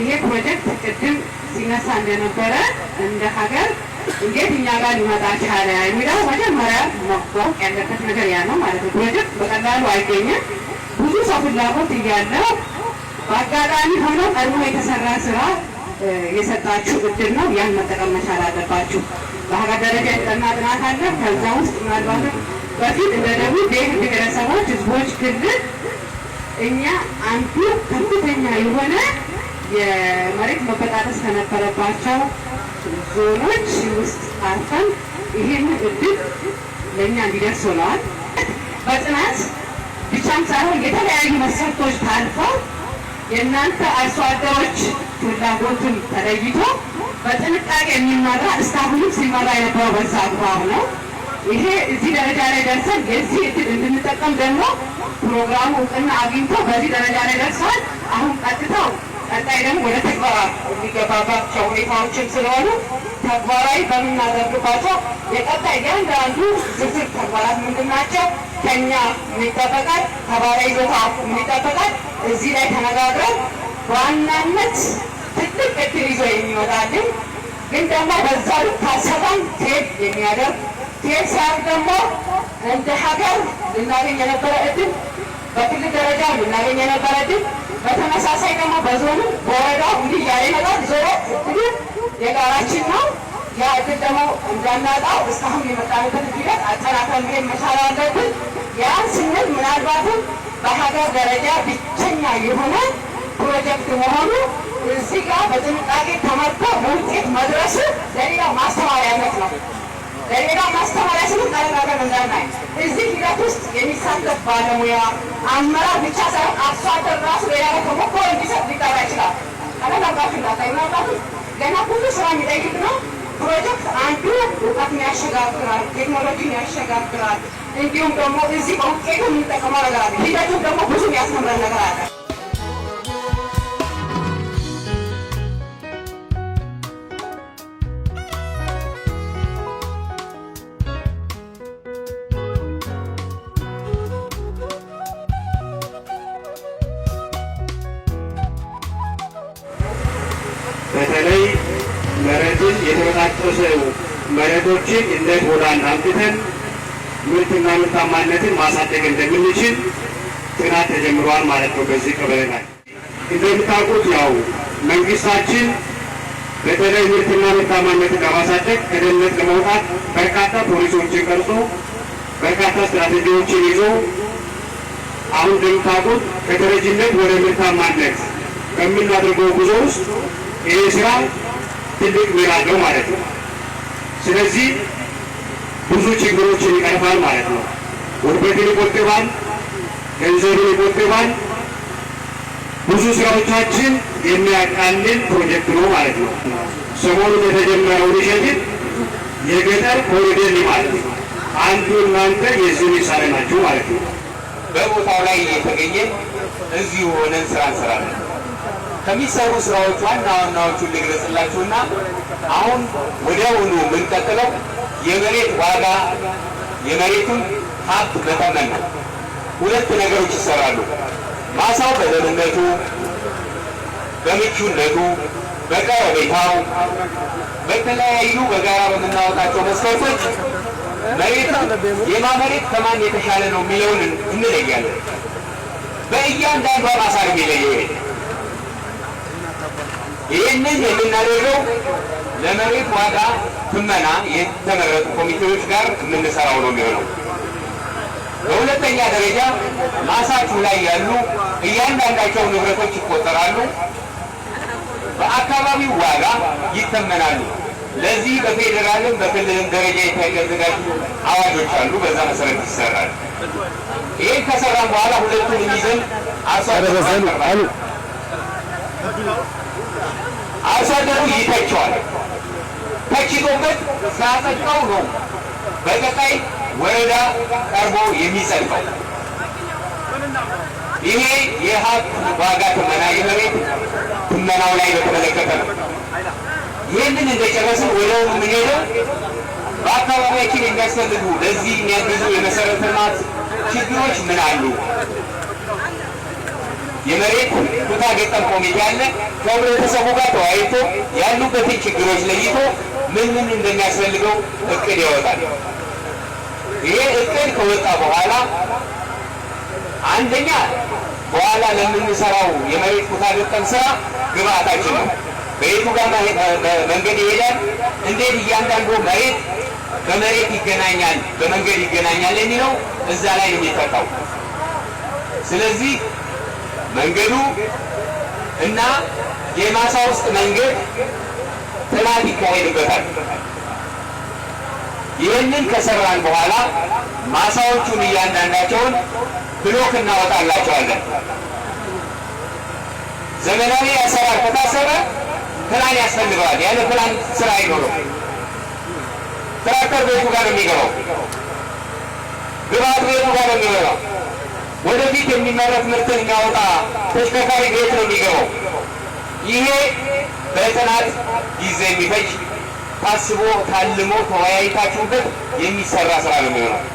ይሄ ፕሮጀክት ቅድም ሲነሳ እንደነበረ እንደ ሀገር እንዴት እኛ ጋር ሊመጣ ቻለ የሚለው መጀመሪያ መጓቅ ያለበት ነገር ያ ነው ማለት ነው። ፕሮጀክት በቀላሉ አይገኝም። ብዙ ሰው ፍላጎት እያለው በአጋጣሚ ሆኖ ቀድሞ የተሰራ ስራ የሰጣችሁ እድል ነው። ያን መጠቀም መቻል አለባችሁ። በሀገር ደረጃ የተጠና ጥናት አለ። ከዛ ውስጥ ምናልባትም በፊት እንደ ደቡብ ዴህ ብሔረሰቦች ህዝቦች ክልል እኛ አንዱ ከፍተኛ የሆነ የመሬት መበጣጠስ ከነበረባቸው ዞኖች ውስጥ አልፈን ይህን እድል ለእኛ እንዲደርስ ሆነዋል። በጽናት ብቻም ሳይሆን የተለያዩ መስፈርቶች ታልፈው የእናንተ አርሶ አደሮች ፍላጎትን ተለይቶ በጥንቃቄ የሚመራ እስካሁንም ሲመራ የነበረው በዛ አግባብ ነው። ይሄ እዚህ ደረጃ ላይ ደርሰን የዚህ እድል እንድንጠቀም ደግሞ ፕሮግራሙ እውቅና አግኝቶ በዚህ ደረጃ ላይ ደርሰዋል አሁን ቀጥተው ቀጣይ ደግሞ ወደ ተግባር የሚገባባቸው ሁኔታዎችም ስለሆኑ ተግባራዊ በምናደርግባቸው የቀጣይ እያንዳንዱ ዝርዝር ተግባራት ምንድን ናቸው? ከኛ የሚጠበቃል ተባራዊ ቦታ የሚጠበቃል። እዚህ ላይ ተነጋግረን በዋናነት ትልቅ እድል ይዞ የሚወጣልን ግን ደግሞ በዛ ልክ ታሰባን ቴል የሚያደርግ ቴል ሲያርግ ደግሞ እንደ ሀገር ልናገኝ የነበረ እድል በክልል ደረጃ ልናገኝ የነበረ እድል በተመሳሳይ ደግሞ በዞኑ በወረዳው እንዲህ እያለ ይመጣል። ዞሮ እንግዲህ የጋራችን ነው። ያ እድል ደግሞ እንዳናጣው እስካሁን የመጣንበት ሂደት አጠናክረን መሄድ መቻል አለብን። ያን ስንል ምናልባትም በሀገር ደረጃ ብቸኛ የሆነ ፕሮጀክት መሆኑ እዚህ ጋር በጥንቃቄ ተመርቶ ውጤት መድረስ ለሌላው ማስተማሪያነት ነው። ለሌላው ማስተማሪያ ስሉት መነጋገር እንዳናይ እዚህ ሂደት ውስጥ የሚሳተፍ ባለሙያ አመራር ብቻ ሳይሆን አርሶ አደር ራሱ ሌላ ላይ ተሞክሮ እንዲሰጥ ሊጠራ ይችላል። አለመግባባት እንዳታይ መግባባት ገና ብዙ ስራ የሚጠይቅ ነው። ፕሮጀክት አንዱ እውቀትን ያሸጋግራል፣ ቴክኖሎጂን ያሸጋግራል። እንዲሁም ደግሞ እዚህ በውጤቱ የምንጠቀመው ነገር አለ። ሂደቱም ደግሞ ብዙ የሚያስተምረን ነገር አለ። የተበጣጠሱ መሬቶችን እንዴት ወዳንድ አምጥተን ምርትና ምርታማነትን ማሳደግ እንደምንችል ጥናት ተጀምረዋል ማለት ነው። በዚህ ቀበሌ ላይ እንደምታውቁት ያው መንግስታችን በተለይ ምርትና ምርታማነትን ለማሳደግ ከደህንነት ለመውጣት በርካታ ፖሊሲዎችን ቀርጾ በርካታ ስትራቴጂዎችን ይዞ አሁን እንደምታውቁት ከተረጂነት ወደ ምርታማነት በምናደርገው ጉዞ ውስጥ ይህ ስራ ትልቅ ሚና አለው ማለት ነው። ስለዚህ ብዙ ችግሮችን ይቀርፋል ማለት ነው። ውድበትን ይቆጥባል፣ ገንዘብን ይቆጥባል። ብዙ ስራዎቻችን የሚያቃልል ፕሮጀክት ነው ማለት ነው። ሰሞኑን የተጀመረው ኢኒሼቲቭ የገጠር ኮሪደር ልማት አንዱ እናንተ የዚህ ምሳሌ ናችሁ ማለት ነው። በቦታው ላይ እየተገኘ እዚሁ ሆነን ስራ እንሰራለን። ከሚሰሩ ስራዎች ዋና ዋናዎቹን ልግለጽላችሁና አሁን ወዲያውኑ የምንቀጥለው የመሬት ዋጋ የመሬቱን ሀብት መተመን ነው። ሁለት ነገሮች ይሰራሉ። ማሳው በለምነቱ፣ በምቹነቱ፣ በቀረቤታው በተለያዩ በጋራ በምናወጣቸው መስፈርቶች መሬቱ የማ መሬት ከማን የተሻለ ነው የሚለውን እንለያለን። በእያንዳንዷ ማሳ ነው የሚለየው ይህንን የምናደርገው ለመሬት ዋጋ ትመና የተመረጡ ኮሚቴዎች ጋር የምንሰራው ነው የሚሆነው። በሁለተኛ ደረጃ ማሳችሁ ላይ ያሉ እያንዳንዳቸው ንብረቶች ይቆጠራሉ፣ በአካባቢው ዋጋ ይተመናሉ። ለዚህ በፌዴራልም በክልልም ደረጃ የተዘጋጁ አዋጆች አሉ። በዛ መሰረት ይሰራል። ይህን ከሰራም በኋላ ሁለቱን ይዘን አርሶ አርሶአደሩ ይተቸዋል። ተችቶበት ሳጸድቀው ነው በቀጣይ ወረዳ ቀርቦ የሚጸድቀው። ይሄ የሀብት ዋጋ ትመና የመሬት ትመናው ላይ በተመለከተ ነው። ይህንን እንደጨረስን ወደው የምንሄደው በአካባቢያችን የሚያስፈልጉ ለዚህ የሚያግዙ የመሰረተ ልማት ችግሮች ምን አሉ? የመሬት ኩታ ገጠም ኮሚቴ አለ። ከህብረተሰቡ ጋር ተወያይቶ ያሉበትን ችግሮች ለይቶ ምን ምን እንደሚያስፈልገው እቅድ ያወጣል። ይሄ እቅድ ከወጣ በኋላ አንደኛ በኋላ ለምንሰራው የመሬት ኩታ ገጠም ስራ ግብአታችን ነው። በየቱ ጋር መንገድ ይሄዳል፣ እንዴት እያንዳንዱ መሬት በመሬት ይገናኛል፣ በመንገድ ይገናኛል የሚለው እዛ ላይ ነው የሚፈታው። ስለዚህ መንገዱ እና የማሳ ውስጥ መንገድ ጥናት ይካሄድበታል። ይህንን ከሰራን በኋላ ማሳዎቹን እያንዳንዳቸውን ብሎክ እናወጣላቸዋለን። ዘመናዊ አሰራር ከታሰበ ፕላን ያስፈልገዋል። ያለ ፕላን ስራ አይኖርም። ትራክተር ቤቱ ጋር ነው የሚገባው፣ ግብአት ቤቱ ጋር ነው የሚገባው። ወደፊት የሚመረት ምርትን የሚያወጣ ተሽከርካሪ ቤት ነው የሚገባው። ይሄ በጥናት ጊዜ የሚፈጅ ታስቦ ታልሞ ተወያይታችሁበት የሚሰራ ስራ ነው የሚሆነው።